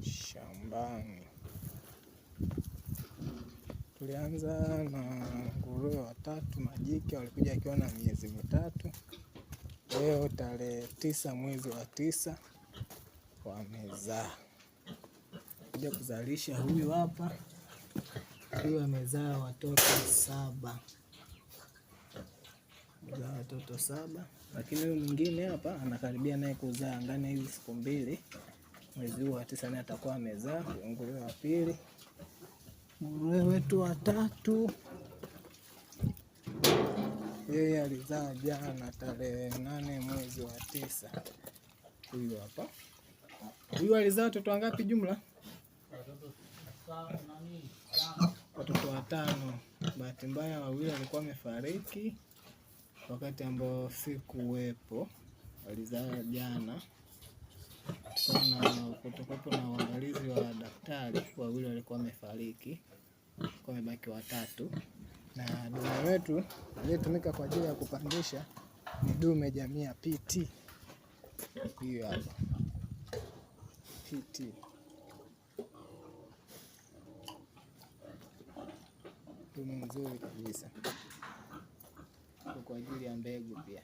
Shambani tulianza na nguruwe watatu majike, walikuja akiwa na miezi mitatu. Leo tarehe tisa mwezi wa tisa wamezaa, kuja kuzalisha. Huyu hapa huyu amezaa watoto saba, amezaa watoto saba, lakini huyu mwingine hapa anakaribia naye kuzaa ya hizi siku mbili mwezi huu wa tisa naye atakuwa amezaa nguruwe wa pili, nguruwe wetu wa tatu. Yeye alizaa jana tarehe nane mwezi wa tisa. Huyu hapa, huyu alizaa watoto wangapi jumla? Watoto watano. Bahati mbaya wawili walikuwa wamefariki wakati ambao sikuwepo, walizaa jana daktari wawili walikuwa wamefariki, walikuwa wamebaki watatu, na dume wetu aliyetumika kwa ajili ya kupandisha ni dume jamii ya PT. Hiyo hapa PT dume mzuri kabisa kwa ajili ya mbegu pia.